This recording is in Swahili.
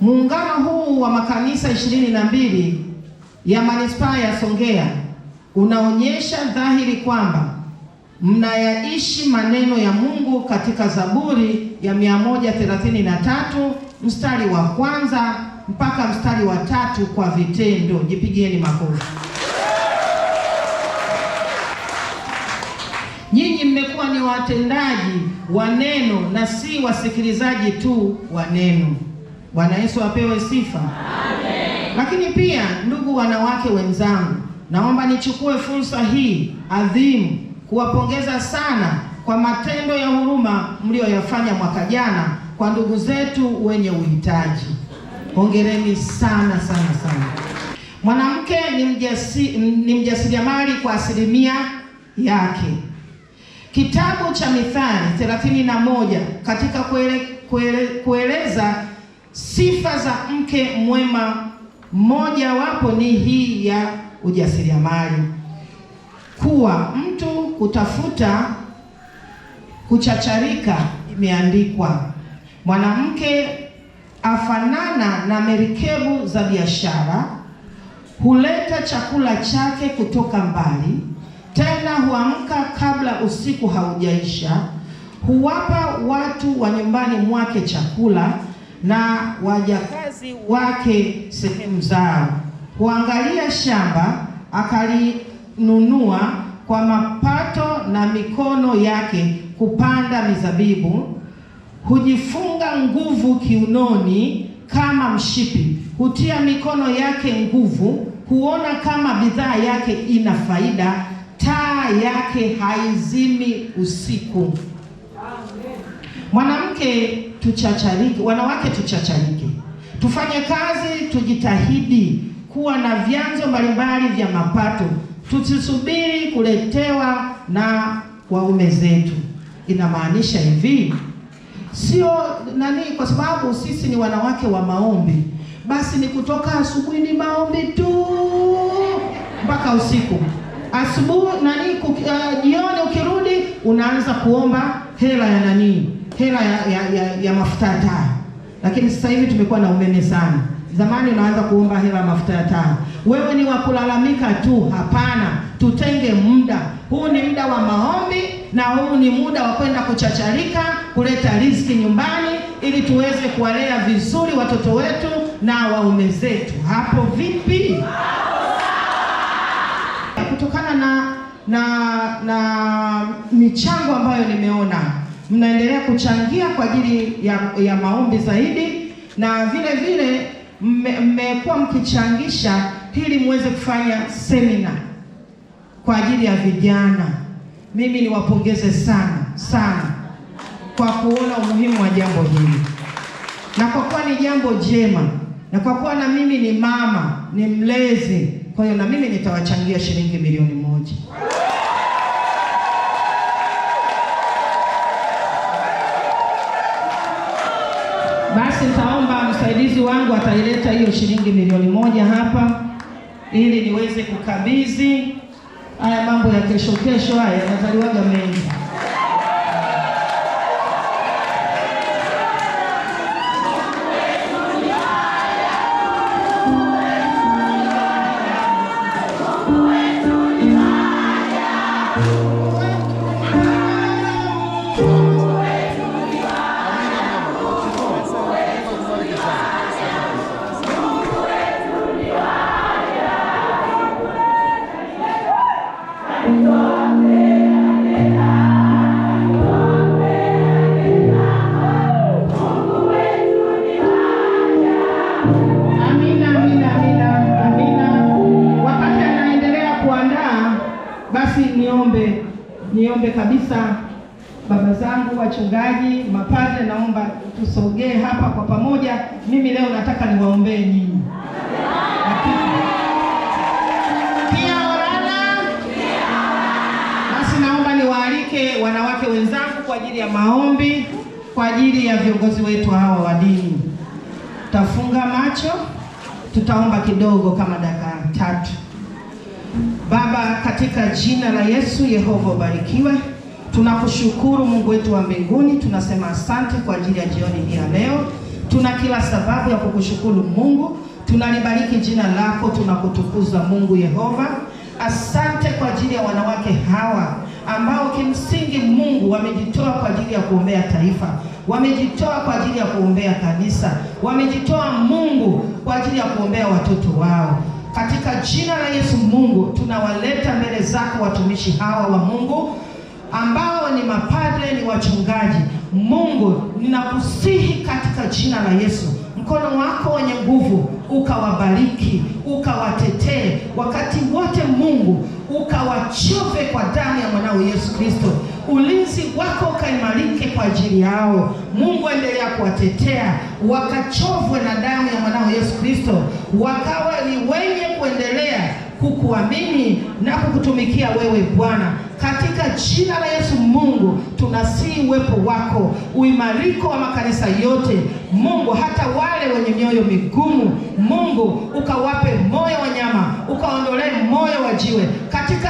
Muungano huu wa makanisa ishirini na mbili ya manispaa ya Songea unaonyesha dhahiri kwamba mnayaishi maneno ya Mungu katika Zaburi ya 133 mstari wa kwanza mpaka mstari wa tatu kwa vitendo. Jipigieni makofi. Nyinyi mmekuwa ni watendaji wa neno na si wasikilizaji tu wa neno. Bwana Yesu apewe sifa Amen. Lakini pia ndugu wanawake wenzangu, naomba nichukue fursa hii adhimu kuwapongeza sana kwa matendo ya huruma mlioyafanya mwaka jana kwa ndugu zetu wenye uhitaji. Hongereni sana sana sana. Mwanamke ni mjasi, ni mjasiriamali kwa asilimia yake. Kitabu cha Mithali 31 katika kuele, kuele, kueleza Sifa za mke mwema moja wapo ni hii ya ujasiriamali, kuwa mtu kutafuta kuchacharika. Imeandikwa mwanamke afanana na merikebu za biashara, huleta chakula chake kutoka mbali, tena huamka kabla usiku haujaisha, huwapa watu wa nyumbani mwake chakula na wajakazi wake sehemu zao, huangalia shamba akalinunua kwa mapato na mikono yake kupanda mizabibu, hujifunga nguvu kiunoni kama mshipi, hutia mikono yake nguvu, huona kama bidhaa yake ina faida, taa yake haizimi usiku. Mwanamke tuchacharike, wanawake tuchacharike, tufanye kazi, tujitahidi kuwa na vyanzo mbalimbali vya mapato, tusisubiri kuletewa na waume zetu. Inamaanisha hivi, sio nani, kwa sababu sisi ni wanawake wa maombi, basi ni kutoka asubuhi ni maombi tu mpaka usiku asubuhi nani, uh, jioni ukirudi unaanza kuomba hela ya nani hela ya, ya, ya, ya mafuta ya taa, lakini sasa hivi tumekuwa na umeme sana. Zamani unaanza kuomba hela ya mafuta ya taa. Wewe ni wa kulalamika tu? Hapana, tutenge muda huu. Ni muda wa maombi na huu ni muda wa kwenda kuchacharika, kuleta riziki nyumbani, ili tuweze kuwalea vizuri watoto wetu na waume zetu. Hapo vipi? Kutokana na na na michango ambayo nimeona mnaendelea kuchangia kwa ajili ya, ya maombi zaidi, na vile vile mmekuwa mkichangisha ili muweze kufanya semina kwa ajili ya vijana. Mimi niwapongeze sana sana kwa kuona umuhimu wa jambo hili na kwa kuwa ni jambo jema, na kwa kuwa na mimi ni mama, ni mlezi, kwa hiyo na mimi nitawachangia shilingi milioni moja. Basi nitaomba msaidizi wangu ataileta hiyo shilingi milioni moja hapa ili niweze kukabidhi. Haya mambo ya kesho kesho haya yanazaliwaga mengi. niombe kabisa baba zangu wachungaji, mapadre, naomba tusogee hapa kwa pamoja. Mimi leo nataka niwaombee nyinyi pia orana, basi naomba niwaalike wanawake wenzangu kwa ajili ya maombi kwa ajili ya viongozi wetu hawa wa dini. Tutafunga macho, tutaomba kidogo kama dakika tatu. Baba, katika jina la Yesu. Yehova ubarikiwe. Tunakushukuru Mungu wetu wa mbinguni, tunasema asante kwa ajili ya jioni hii ya leo. Tuna kila sababu ya kukushukuru Mungu, tunalibariki jina lako, tunakutukuza Mungu Yehova. Asante kwa ajili ya wanawake hawa ambao kimsingi Mungu wamejitoa kwa ajili ya kuombea taifa, wamejitoa kwa ajili ya kuombea kanisa, wamejitoa Mungu kwa ajili ya kuombea watoto wao. Katika jina la Yesu Mungu tunawaleta mbele zako watumishi hawa wa Mungu ambao ni mapadre, ni wachungaji. Mungu, ninakusihi katika jina la Yesu, mkono wako wenye nguvu ukawabariki, ukawatetee wakati wote Mungu, ukawachove kwa damu ya mwanao Yesu Kristo ulinzi wako ukaimarike kwa ajili yao. Mungu endelea kuwatetea wakachovwe na damu ya mwanao Yesu Kristo, wakawa ni wenye kuendelea kukuamini na kukutumikia wewe Bwana, katika jina la Yesu. Mungu tunasii uwepo wako, uimariko wa makanisa yote Mungu, hata wale wenye mioyo migumu Mungu, ukawape moyo wa nyama, ukaondolee moyo wa jiwe katika